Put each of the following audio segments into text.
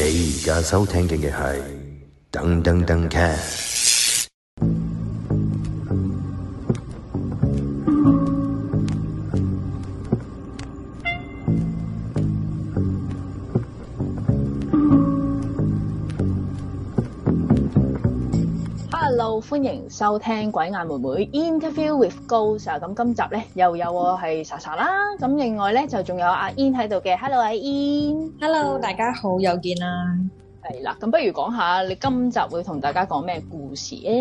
你而家收聽嘅係《噔噔噔劇》。收聽鬼眼妹妹 Interview with Ghost，咁今集咧又有我係查查啦，咁另外咧就仲有阿 Ian 喺度嘅。Hello，阿 Ian。Hello，大家好，又見啦。係啦，咁不如講下你今集會同大家講咩故事咧？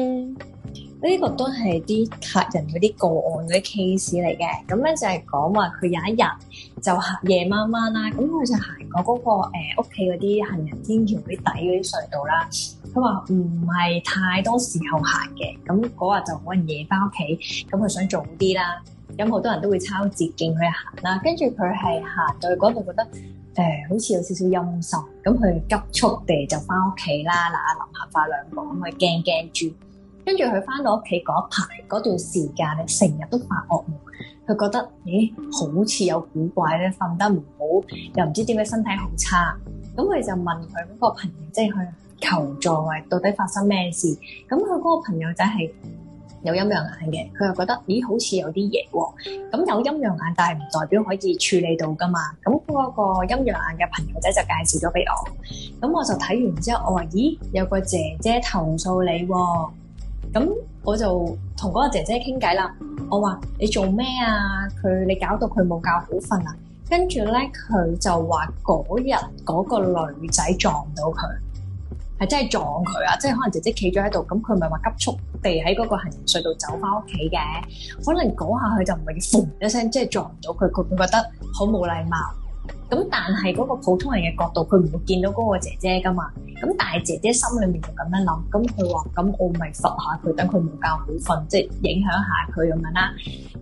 呢個都係啲客人嗰啲個案嗰啲 case 嚟嘅，咁咧就係講話佢有一日就夜晚晚啦，咁佢就行過嗰個誒屋企嗰啲行人天橋嗰啲底嗰啲隧道啦。佢話唔係太多時候行嘅，咁嗰日就可能夜翻屋企，咁佢想早啲啦。咁好多人都會抄捷徑去行啦，跟住佢係行到嗰度，覺得誒、呃、好似有少少陰鬱，咁佢急速地就翻屋企啦。嗱，阿林客化兩個，咁佢驚驚住。跟住佢翻到屋企嗰一排嗰段時間咧，成日都發惡夢，佢覺得咦、欸、好似有古怪咧，瞓得唔好，又唔知點解身體好差，咁佢就問佢嗰個朋友即係佢。就是求助，到底發生咩事？咁佢嗰個朋友仔係有陰陽眼嘅，佢又覺得咦，好似有啲嘢喎。咁有陰陽眼，但係唔代表可以處理到㗎嘛。咁嗰個陰陽眼嘅朋友仔就介紹咗俾我，咁我就睇完之後，我話咦，有個姐姐投訴你喎、哦。咁我就同嗰個姐姐傾偈啦。我話你做咩啊？佢你搞到佢冇覺好瞓啊？跟住咧，佢就話嗰日嗰個女仔撞到佢。係真係撞佢啊！即係可能姐姐企咗喺度，咁佢咪話急速地喺嗰個行人隧道走返屋企嘅。可能嗰下佢就唔係要嘣一聲，即係撞到佢，佢會覺得好冇禮貌。咁但係嗰個普通人嘅角度，佢唔會見到嗰個姐姐㗎嘛。咁但係姐姐心裏面就咁樣諗，咁佢話：咁我咪罰下佢，等佢冇覺好瞓，即係影響下佢咁樣啦。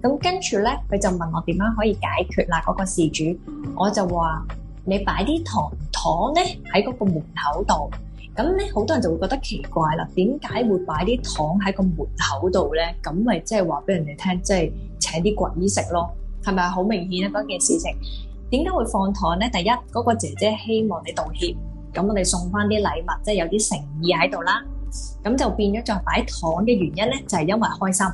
咁跟住咧，佢就問我點樣可以解決啦？嗰個事主我就話：你擺啲糖糖咧喺嗰個門口度，咁咧，好多人就會覺得奇怪啦，點解會擺啲糖喺個門口度咧？咁咪即係話俾人哋聽，即係請啲鬼食咯，係咪好明顯啊？嗰件事情點解會放糖咧？第一，嗰個姐姐希望你道歉，咁我哋送翻啲禮物，即係有啲誠意喺度啦，咁就變咗再擺糖嘅原因咧，就係因為開心，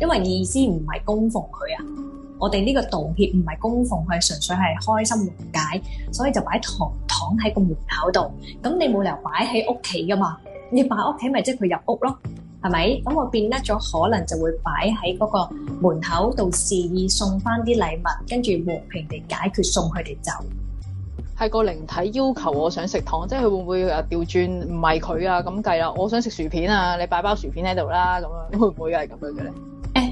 因為意思唔係供奉佢啊。我哋呢個道歉唔係供奉，係純粹係開心和解，所以就擺糖糖喺個門口度。咁你冇理由擺喺屋企噶嘛，你擺屋企咪即係佢入屋咯，係咪？咁我變得咗可能就會擺喺嗰個門口度，示意送翻啲禮物，跟住和平地解決，送佢哋走。係個靈體要求我想食糖，即係佢會唔會啊調轉唔係佢啊咁計啦？我想食薯片啊，你擺包薯片喺度啦，咁樣會唔會係咁樣嘅咧？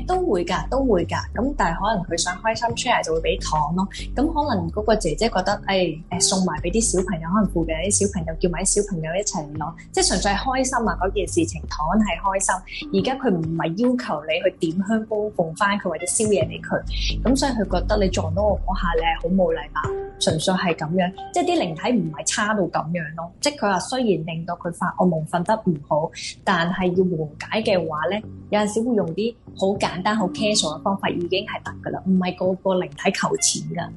都會㗎，都會㗎。咁但係可能佢想開心出嚟就會俾糖咯。咁可能嗰個姐姐覺得，誒、哎、誒送埋俾啲小朋友，可能附近啲小朋友叫埋啲小朋友一齊攞，即係純粹係開心啊！嗰件事情，糖係開心。而家佢唔係要求你去點香煲、奉翻佢或者燒嘢俾佢，咁所以佢覺得你撞到我下你係好冇禮貌，純粹係咁樣。即係啲靈體唔係差到咁樣咯。即係佢話雖然令到佢發噩夢瞓得唔好，但係要緩解嘅話咧，有陣時會用啲好簡簡單好 casual 嘅方法已經係得噶啦，唔係個個靈體求錢噶。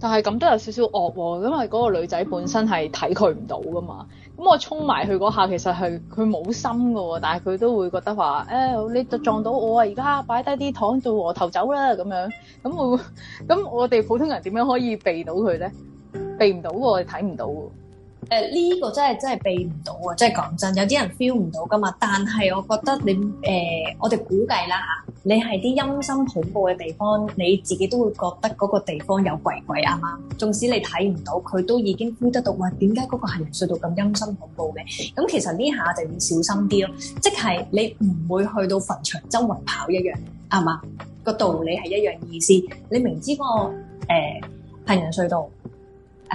但係咁都有少少惡，因為嗰個女仔本身係睇佢唔到噶嘛。咁我衝埋佢嗰下，其實係佢冇心噶，但係佢都會覺得話，誒、欸，你就撞到我啊！而家擺低啲糖做和頭走啦，咁樣。咁我，咁我哋普通人點樣可以避到佢咧？避唔到，我哋睇唔到。誒，呢、呃這個真係真係避唔到啊！真係講真，有啲人 feel 唔到噶嘛。但係我覺得你誒、呃，我哋估計啦吓，你係啲陰森恐怖嘅地方，你自己都會覺得嗰個地方有鬼鬼啊嘛。縱使你睇唔到，佢都已經 feel 得到。喂、呃，點解嗰個行人隧道咁陰森恐怖嘅？咁其實呢下就要小心啲咯，即係你唔會去到墳場周圍跑一樣啊嘛。個道理係一樣意思，你明知、嗰個誒、呃、行人隧道。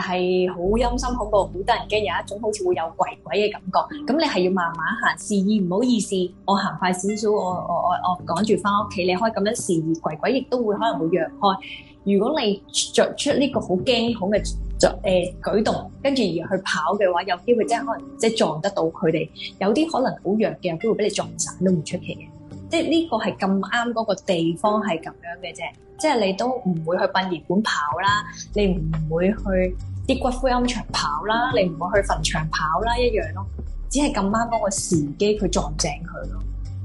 係好陰森恐怖，好得人驚，有一種好似會有鬼鬼嘅感覺。咁你係要慢慢行，示意唔好意思，我行快少少，我我我我趕住翻屋企，你可以咁樣示意，鬼鬼亦都會可能會讓開。如果你著出呢個好驚恐嘅誒、呃、舉動，跟住而去跑嘅話，有機會即係可能即係撞得到佢哋。有啲可能好弱嘅，有機會俾你撞散都唔出奇嘅。即係呢個係咁啱嗰個地方係咁樣嘅啫，即係你都唔會去殯儀館跑啦，你唔會去啲骨灰庵場跑啦，你唔會去墳場跑啦一樣咯，只係咁啱嗰個時機佢撞正佢咯，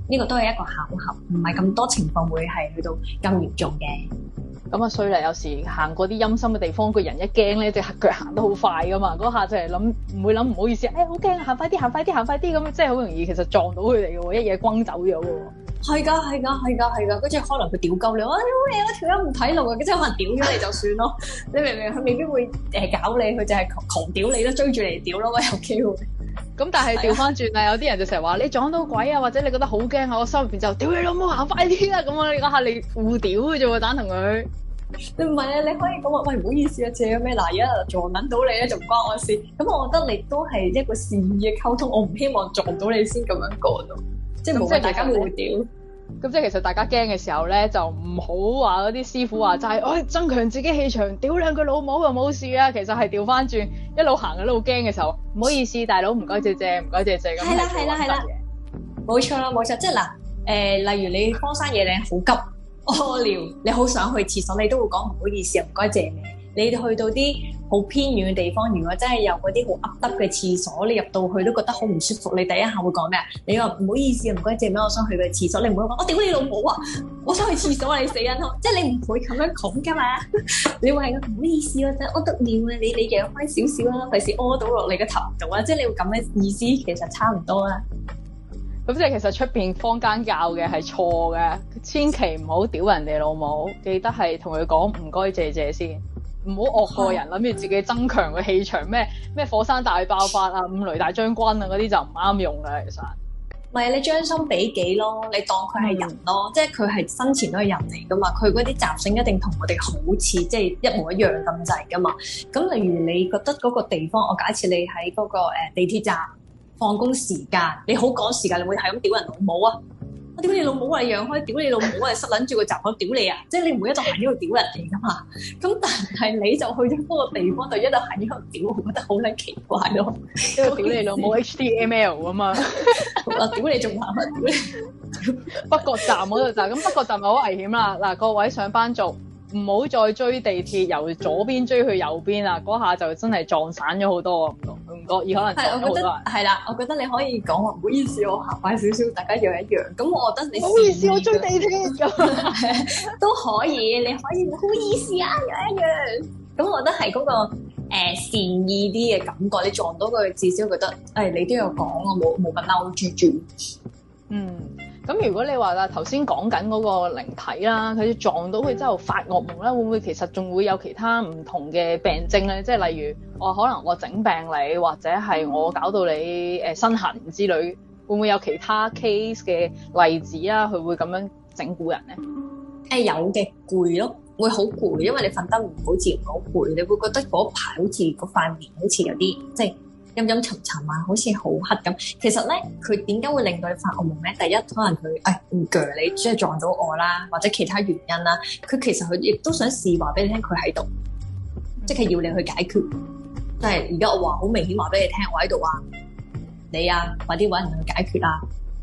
呢、這個都係一個巧合，唔係咁多情況會係去到咁嚴重嘅。咁啊衰啦！嗯、雖然有時行過啲陰森嘅地方，個人一驚咧，隻腳行得好快噶嘛。嗰下就係諗，唔會諗唔好意思，哎呀好驚行快啲，行快啲，行快啲咁，即係好容易其實撞到佢哋嘅喎，一夜轟走咗嘅喎。係㗎，係㗎，係㗎，係㗎。跟住可能佢屌鳩你，哎呀好條友唔睇路啊，即係可能屌咗你就算咯。 你明唔明？佢未必會誒搞你，佢就係狂屌你都追住嚟屌咯，有機會。咁 但係調翻轉啊，的有啲人就成日話你撞到鬼啊，或者你覺得好驚啊，我心入邊就屌你老母，行快啲啊！咁啊，嗰下你互屌同佢。 你唔係啊，你可以講話，喂，唔好意思啊，借咩嗱？而家撞撚到你咧，仲唔關我事。咁我覺得你都係一個善意嘅溝通，我唔希望撞到你先咁樣講咯。即係即係大家冇屌。咁即係其實大家驚嘅時候咧，就唔好話嗰啲師傅話就係、是，我、嗯哎、增強自己氣場，屌兩句老母又冇事啊。其實係調翻轉，一路行一路驚嘅時候，唔好意思大，大佬唔該借借，唔該借借。係啦，係啦，係啦，冇錯啦，冇錯。即係嗱，誒、就是呃，例如你荒山野嶺好急。屙尿，你好想去廁所，你都會講唔好意思，唔該借你。你去到啲好偏遠嘅地方，如果真係有嗰啲好噏得嘅廁所，你入到去都覺得好唔舒服，你第一下會講咩？你話唔好意思，唔該借咩？我想去個廁所，你唔會講我屌你老母啊！我想去廁所啊！你死人咯！即係你唔會咁樣講㗎嘛？ 你話係唔好意思啊，真係屙得尿啊，你點點你讓開少少啦，費事屙到落你個頭度啊！即係你會咁嘅意思，其實差唔多啦。咁即係其實出邊坊間教嘅係錯嘅，千祈唔好屌人哋老母，記得係同佢講唔該謝謝先，唔好惡過人，諗住、嗯、自己增強個氣場咩咩火山大爆發啊、五雷大將軍啊嗰啲就唔啱用喇。其實唔係、嗯、你將心比己咯，你當佢係人咯，嗯、即係佢係生前都係人嚟噶嘛，佢嗰啲習性一定同我哋好似，即、就、係、是、一模一樣咁滯噶嘛。咁例如你覺得嗰個地方，我假設你喺嗰個誒地鐵站。放工時間，你好趕時間，你會係咁屌人老母啊？我屌你老母啊？你讓開，屌你老母啊！你塞撚住個站口屌你啊！即係你唔會一路行呢度屌人哋噶嘛？咁但係你就去咗嗰個地方就一度行呢度屌，我覺得好撚奇怪咯、啊。屌、那個、你老母，HTML 啊嘛！我屌 你仲難唔屌你？媽媽 北角站嗰度站，咁，北角站咪好危險啦！嗱，各位上班族。唔好再追地鐵由左邊追去右邊啊！嗰下就真係撞散咗好多，唔覺意可能爭好多。係，我覺得啦。我覺得你可以講，唔好意思，我行快少少，大家又一樣。咁我覺得你唔好意思，我追地鐵 都可以。你可以唔好意思啊，又 一樣。咁我覺得係嗰、嗰個、呃、善意啲嘅感覺，你撞到佢至少覺得，誒、哎、你都有講，我冇冇咁嬲住住，嗯。咁如果你話啦，頭先講緊嗰個靈體啦，佢撞到佢之後發噩夢啦，會唔會其實仲會有其他唔同嘅病症咧？即係例如我、哦、可能我整病你，或者係我搞到你誒身、呃、痕之類，會唔會有其他 case 嘅例子啊？佢會咁樣整蠱人咧？誒、欸、有嘅攰咯，會好攰，因為你瞓得唔好，似好攰，你會覺得嗰排好似嗰塊面好似有啲即係。陰陰沉沉啊，好似好黑咁。其實咧，佢點解會令到你發噩夢咧？第一，可能佢誒唔鋸你，即係撞到我啦，或者其他原因啦。佢其實佢亦都想試話俾你聽，佢喺度，即係要你去解決。但係而家我話好明顯話俾你聽，我喺度啊，你啊，快啲搵人去解決啊！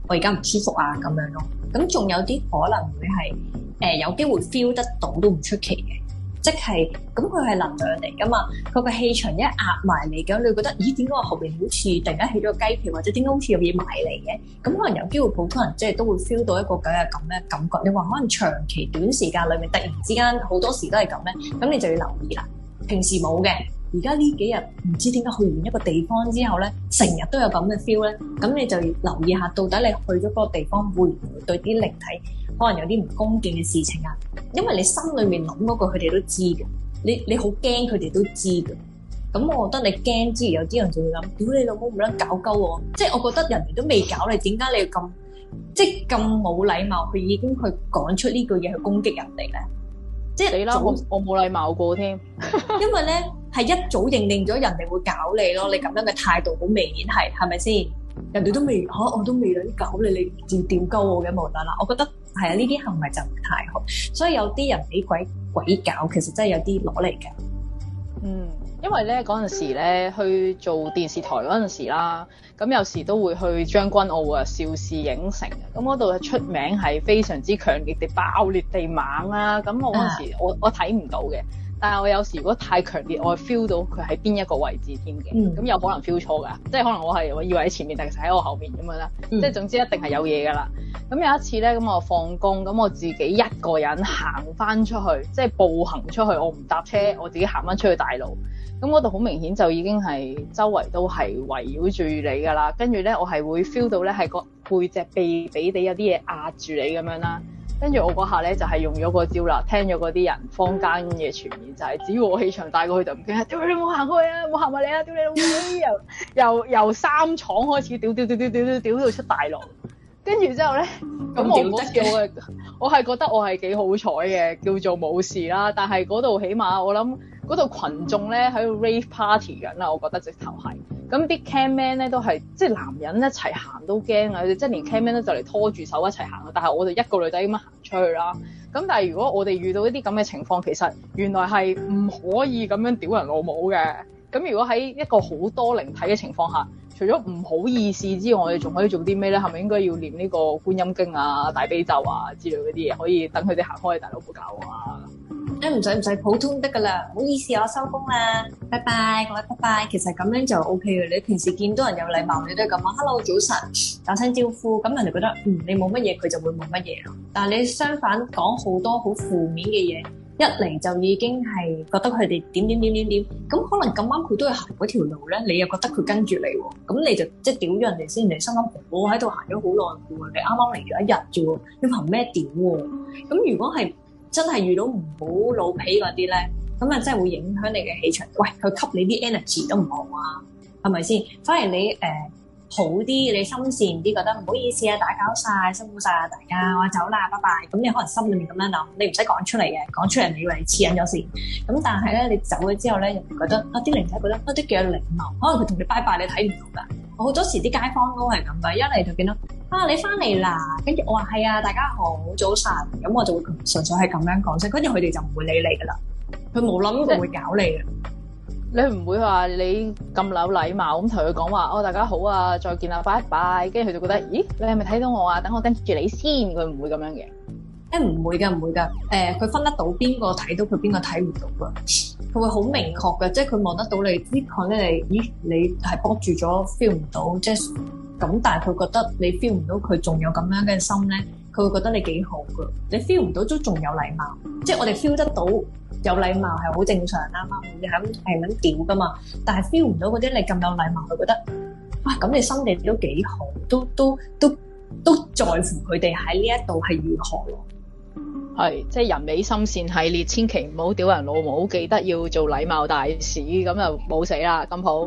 我而家唔舒服啊，咁樣咯。咁、嗯、仲有啲可能會係誒，有機會 feel 得到都唔出奇嘅。即係，咁佢係能量嚟噶嘛？佢個氣場一壓埋嚟咁，你會覺得，咦？點解我後邊好似突然間起咗個雞皮，或者點解好似有嘢埋嚟嘅？咁、嗯、可能有機會，普通人即係都會 feel 到一個咁嘅咁嘅感覺。你話可能長期短時間裏面突然之間好多時都係咁咧，咁、嗯、你就要留意啦。平時冇嘅。而家呢幾日唔知點解去完一個地方之後咧，成日都有咁嘅 feel 咧，咁你就留意下到底你去咗嗰個地方會唔會對啲靈體可能有啲唔恭敬嘅事情啊？因為你心裏面諗嗰個佢哋都知嘅，你你好驚佢哋都知嘅。咁我覺得你驚之餘，有啲人就會諗：屌你老母唔撚搞鳩我！即係我覺得人哋都未搞你，點解你要咁即係咁冇禮貌？佢已經去講出呢句嘢去攻擊人哋咧，即係你啦，我我冇禮貌過添， 因為咧。係一早認定咗人哋會搞你咯，你咁樣嘅態度好明顯係，係咪先？人哋都未嚇、啊，我都未諗搞你，你調調高嘅無啦啦，我覺得係啊，呢啲行為就唔太好。所以有啲人俾鬼鬼搞，其實真係有啲攞嚟嘅。嗯，因為咧嗰陣時咧去做電視台嗰陣時啦，咁有時都會去將軍澳啊、邵氏影城，咁嗰度出名係非常之強烈地爆裂地猛啊！咁我嗰陣時、啊、我我睇唔到嘅。但係我有時如果太強烈，我係 feel 到佢喺邊一個位置添嘅，咁、嗯、有可能 feel 錯㗎，即係可能我係以為喺前面，其實喺我後面咁樣啦，嗯、即係總之一定係有嘢㗎啦。咁有一次咧，咁我放工，咁我自己一個人行翻出去，即係步行出去，我唔搭車，我自己行翻出去大路，咁嗰度好明顯就已經係周圍都係圍繞住你㗎啦。跟住咧，我係會 feel 到咧係個背脊痹痹地有啲嘢壓住你咁樣啦。跟住我嗰下咧，就係用咗個招啦，聽咗嗰啲人坊間嘅傳言，就係只要我氣場大過佢，就唔驚。屌你冇行過啊，冇行埋你啊，屌你老母、啊！又又 由，由，由三廠開始屌屌屌屌屌屌屌到出大浪。跟住之後咧，咁點得嘅？我係覺得我係幾好彩嘅，叫做冇事啦。但係嗰度起碼我諗嗰度群眾咧喺度 rave party 緊啦，我覺得直頭係。咁啲 cam man 咧都係即係男人一齊行都驚啊！即係連 cam man 咧就嚟拖住手一齊行啊。但係我哋一個女仔咁樣行出去啦。咁但係如果我哋遇到一啲咁嘅情況，其實原來係唔可以咁樣屌人老母嘅。咁如果喺一個好多靈體嘅情況下。除咗唔好意思之外，我哋仲可以做啲咩咧？係咪應該要念呢個觀音經啊、大悲咒啊之類嗰啲嘢，可以等佢哋行開大老虎教啊？哎、欸，唔使唔使，普通得噶啦。唔好意思，我收工啦，拜拜，各位拜拜。其實咁樣就 O K 嘅。你平時見到人有禮貌，你都係咁啊。Hello，早晨，打聲招呼，咁人哋覺得嗯你冇乜嘢，佢就會冇乜嘢啊。但係你相反講好多好負面嘅嘢。一嚟就已經係覺得佢哋點點點點點，咁可能咁啱佢都係行嗰條路咧，你又覺得佢跟住你喎，咁你就即係屌咗人哋先，你心諗我喺度行咗好耐，你啱啱嚟咗一日啫喎，你憑咩屌喎？咁如果係真係遇到唔好老皮嗰啲咧，咁啊真係會影響你嘅氣場，喂，佢吸你啲 energy 都唔好啊，係咪先？反而你誒。呃好啲，你心善啲，覺得唔好意思啊，打攪晒，辛苦晒啊大家，我走啦，拜拜。咁、嗯、你可能心裏面咁樣諗，你唔使講出嚟嘅，講出嚟你以為黐緊咗事。咁、嗯、但係咧，你走咗之後咧，又覺得啊啲靈仔覺得啊啲叫有靈悟，可能佢同你拜拜你睇唔到㗎。好、哦、多時啲街坊都係咁嘅，一嚟就見到啊，你翻嚟啦，跟住我話係啊，大家好，早晨。咁、嗯、我就會純粹係咁樣講聲，跟住佢哋就唔會理你㗎啦。佢冇諗過會搞你嘅。就係你唔會話你咁有禮貌咁同佢講話哦，大家好啊，再見啦，拜拜。跟住佢就覺得，咦，你係咪睇到我啊？等我跟住你先，佢唔會咁樣嘅。誒唔、欸、會嘅，唔會嘅。誒、呃，佢分得到邊個睇到佢，邊個睇唔到㗎。佢會好明確嘅，即係佢望得到你知佢咧。咦，你係 block 住咗 feel 唔到，即係咁。但係佢覺得你 feel 唔到佢，仲有咁樣嘅心咧。佢會覺得你幾好噶，你 feel 唔到都仲有禮貌，即係我哋 feel 得到有禮貌係好正常啦嘛，你係咁咁屌噶嘛，但係 feel 唔到嗰啲你咁有禮貌，佢覺得哇咁你心地都幾好，都都都都在乎佢哋喺呢一度係如何，係即係人美心善系列，千祈唔好屌人老母，記得要做禮貌大使，咁就冇死啦咁好，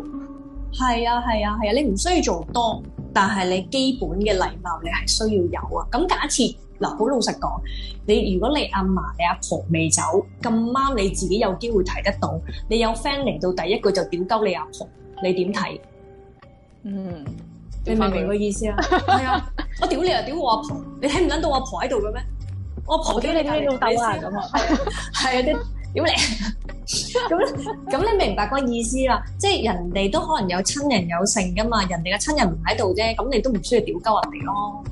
係啊，係啊，係啊，你唔需要做多。但係你基本嘅禮貌，你係需要有啊。咁假設嗱，好、呃、老實講，你如果你阿嫲、你阿婆未走咁啱，你自己有機會睇得到，你有 friend 嚟到第一句就屌鳩你阿婆，你點睇？嗯，你明唔明個意思啊？係啊， 我屌你啊，屌我阿婆，你睇唔睇到我婆喺度嘅咩？我婆屌你老竇啊！咁啊，係啊，屌 你！ 咁咁 你明白個意思啦，即係人哋都可能有親人有剩噶嘛，人哋嘅親人唔喺度啫，咁你都唔需要屌鳩人哋咯。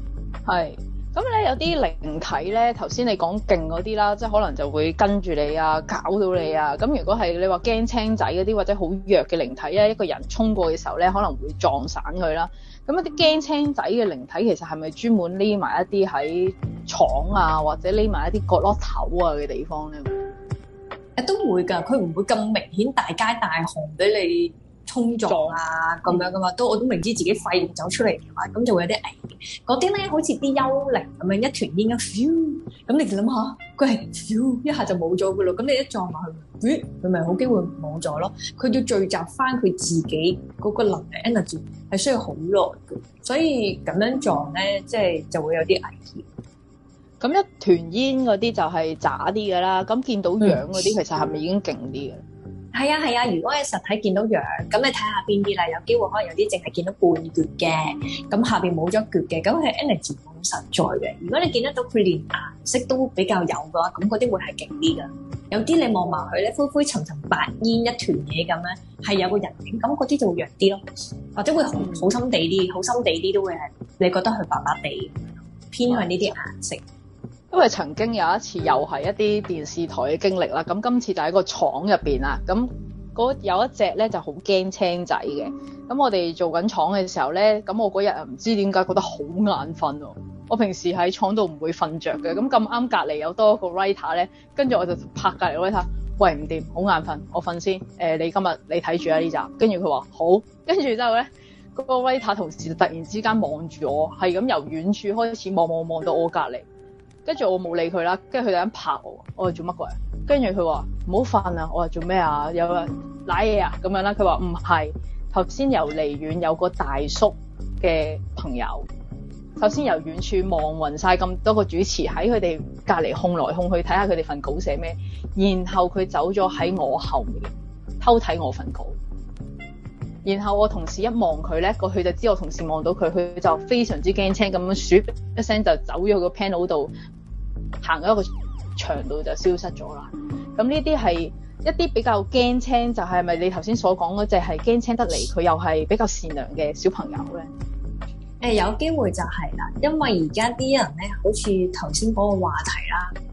係，咁咧有啲靈體咧，頭先你講勁嗰啲啦，即係可能就會跟住你啊，搞到你啊。咁如果係你話驚青仔嗰啲，或者好弱嘅靈體咧，一個人衝過嘅時候咧，可能會撞散佢啦。咁有啲驚青仔嘅靈體，其實係咪專門匿埋一啲喺廠啊，或者匿埋一啲角落頭啊嘅地方咧？都會㗎，佢唔會咁明顯大街大巷俾你衝撞啊咁樣噶嘛，都我都明知自己肺炎走出嚟嘅話，咁就會有啲危險。嗰啲咧好似啲幽靈咁樣，一團煙一飄，咁你諗下，佢係飄一下就冇咗㗎啦，咁你一撞埋去，咦，佢咪好機會冇咗咯。佢要聚集翻佢自己嗰個能量 energy，係需要好耐，所以咁樣撞咧，即係就會有啲危險。咁一團煙嗰啲就係渣啲㗎啦，咁見到樣嗰啲其實係咪已經勁啲嘅？係、嗯、啊係啊，如果你實體見到樣，咁你睇下邊啲啦，有機會可能有啲淨係見到半橛嘅，咁下邊冇咗橛嘅，咁係因為字冇咁實在嘅。如果你見得到佢連顏色都比較有嘅話，咁嗰啲會係勁啲嘅。有啲你望埋佢咧，灰灰層層層白煙一團嘢咁咧，係有個人影，咁嗰啲就會弱啲咯，或者會好好深地啲，好心地啲都會係你覺得佢白白地偏向呢啲顏色。因為曾經有一次又係一啲電視台嘅經歷啦，咁今次就喺個廠入邊啦。咁有一隻咧就好驚青仔嘅。咁我哋做緊廠嘅時候咧，咁我嗰日啊唔知點解覺得好眼瞓哦。我平時喺廠度唔會瞓着嘅。咁咁啱隔離有多個 writer 咧，跟住我就拍隔離 writer，喂唔掂，好眼瞓，我瞓先。誒、呃，你今日你睇住啊呢集，跟住佢話好，跟住之後咧，嗰、嗰個 writer 同時就突然之間望住我，係咁由遠處開始望望望，望到我隔離。跟住我冇理佢啦，跟住佢哋喺度拍我，我話做乜鬼？跟住佢話唔好瞓啦，我話做咩啊？有啊，瀨嘢啊？咁樣啦，佢話唔係，頭先由離遠有個大叔嘅朋友，頭先由遠處望暈晒咁多個主持喺佢哋隔籬控來控去睇下佢哋份稿寫咩，然後佢走咗喺我後面偷睇我份稿。然後我同事一望佢咧，個佢就知道我同事望到佢，佢就非常之驚青咁樣鼠一聲就走咗去個 panel 度，行咗一個牆度就消失咗啦。咁呢啲係一啲比較驚青，就係、是、咪你頭先所講嗰隻係驚青得嚟，佢又係比較善良嘅小朋友咧？誒、欸，有機會就係啦，因為而家啲人咧，好似頭先嗰個話題啦。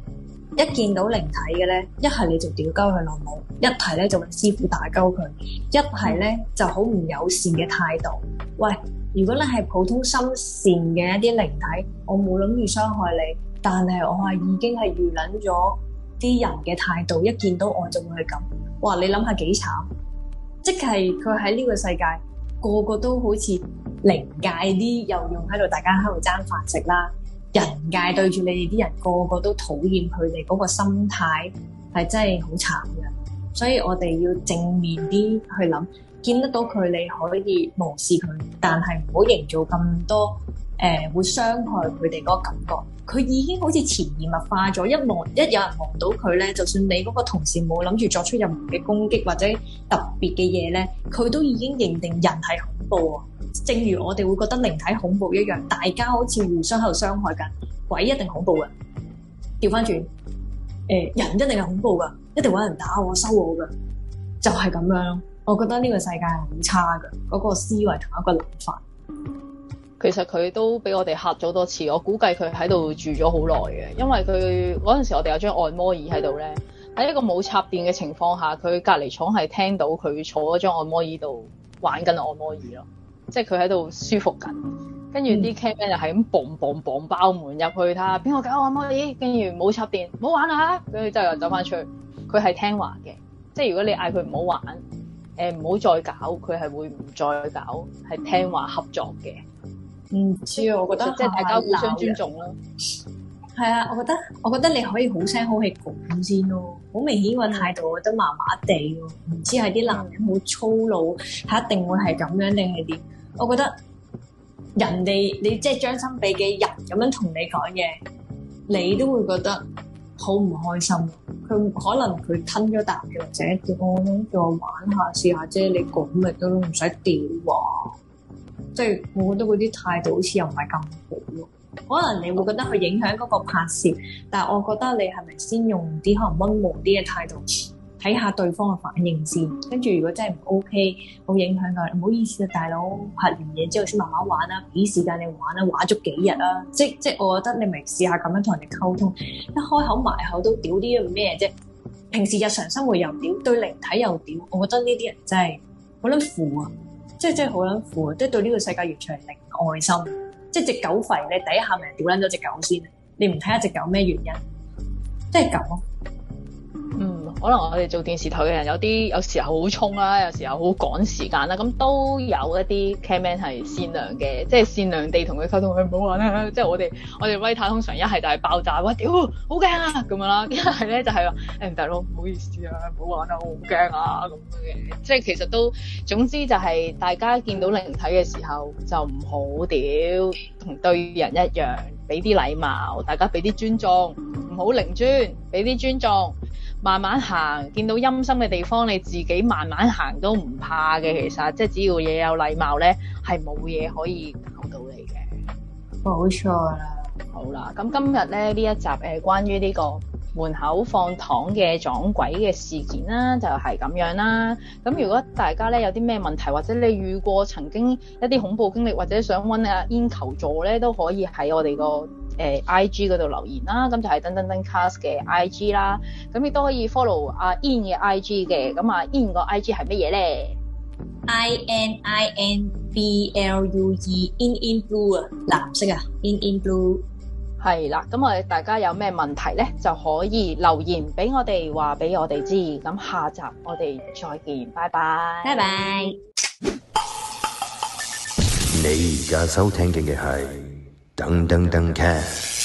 一見到靈體嘅咧，一係你就屌鳩佢老母，一提咧就問師傅打鳩佢，一係咧就好唔友善嘅態度。喂，如果你係普通心善嘅一啲靈體，我冇諗住傷害你，但係我係已經係預諗咗啲人嘅態度。一見到我就會係咁，哇！你諗下幾慘？即係佢喺呢個世界，個個都好似靈界啲，又用喺度，大家喺度爭飯食啦。人界對住你哋啲人，個個都討厭佢哋嗰個心態，係真係好慘嘅。所以我哋要正面啲去諗，見得到佢你可以無視佢，但係唔好營造咁多誒、呃、會傷害佢哋嗰個感覺。佢已經好似潛移默化咗，一望一有人望到佢咧，就算你嗰個同事冇諗住作出任何嘅攻擊或者特別嘅嘢咧，佢都已經認定人係恐怖喎。正如我哋會覺得靈體恐怖一樣，大家好似互相喺度傷害緊，鬼一定恐怖嘅。掉返轉，誒、呃、人一定係恐怖㗎，一定搵人打我、收我㗎，就係、是、咁樣。我覺得呢個世界係好差㗎，嗰、那個思維同一個諗法。其實佢都俾我哋嚇咗多次。我估計佢喺度住咗好耐嘅，因為佢嗰陣時我哋有張按摩椅喺度咧，喺一個冇插電嘅情況下，佢隔離廠係聽到佢坐嗰張按摩椅度玩緊按摩椅咯，即係佢喺度舒服緊。跟住啲 camera 係咁，bang bang bang 包門入去睇下邊個搞按摩椅，跟住冇插電，唔好玩啦。跟住之後就又走翻出去，佢係聽話嘅，即係如果你嗌佢唔好玩，誒、唔好再搞，佢係會唔再搞，係聽話合作嘅。唔知啊，我覺得即係大家互相尊重咯。係啊，我覺得，我覺得你可以好聲好氣講先咯。好明顯個態度，我覺得麻麻地。唔知係啲男人好粗魯，係一定會係咁樣定係點？我覺得人哋你即係將心比己，人咁樣同你講嘢，你都會覺得好唔開心。佢可能佢吞咗啖藥，或者叫我叫我玩下試下啫。你講咪都唔使屌啊！即係我覺得嗰啲態度好似又唔係咁好咯，可能你會覺得佢影響嗰個拍攝，但係我覺得你係咪先用啲可能溫和啲嘅態度睇下對方嘅反應先，跟住如果真係唔 OK，好影響噶，唔好意思啊，大佬拍完嘢之後先慢慢玩啦，啊，俾時間你玩啦，啊，玩咗幾日啊，即即係我覺得你咪試下咁樣同人哋溝通，一開口埋口都屌啲咁咩啫，平時日常生活又屌，對靈體又屌。我覺得呢啲人真係好撚負啊！即係即係好撚苦，即係對呢個世界完全零愛心。即係隻狗肥，你第一下咪屌撚咗隻狗先。你唔睇下隻狗咩原因？即係狗。可能我哋做電視台嘅人有啲有時候好衝啦，有時候好趕時間啦，咁都有一啲 cameraman 係善良嘅，即係善良地同佢溝通，佢唔好玩啦。即係我哋我哋威塔通常一係就係爆炸，哇屌好驚啊咁樣啦，一係咧就係話誒，大佬唔好意思啊，唔好玩啊，我好驚啊咁樣嘅，即係其實都總之就係大家見到靈體嘅時候就唔好屌，同對人一樣，俾啲禮貌，大家俾啲尊重，唔好凌尊，俾啲尊重。慢慢行，見到陰森嘅地方，你自己慢慢行都唔怕嘅。其實，即係只要嘢有禮貌咧，係冇嘢可以搞到你嘅。冇錯啦。好啦，咁今日咧呢一集誒、呃，關於呢、呢個。門口放糖嘅撞鬼嘅事件啦，就係咁樣啦。咁如果大家咧有啲咩問題，或者你遇過曾經一啲恐怖經歷，或者想揾阿 In 求助咧，都可以喺我哋個誒 IG 嗰度留言啦。咁就係噔噔噔 Cast 嘅 IG 啦。咁亦都可以 follow 阿 In 嘅 IG 嘅。咁阿 In 個 IG 係乜嘢咧？I N I N B L U E，in in blue。E, in in Blue. 藍色啊，in in blue。係啦，咁我哋大家有咩問題咧，就可以留言俾我哋話俾我哋知。咁下集我哋再見，拜拜，拜拜 bye。你而家收聽緊嘅係噔噔噔劇。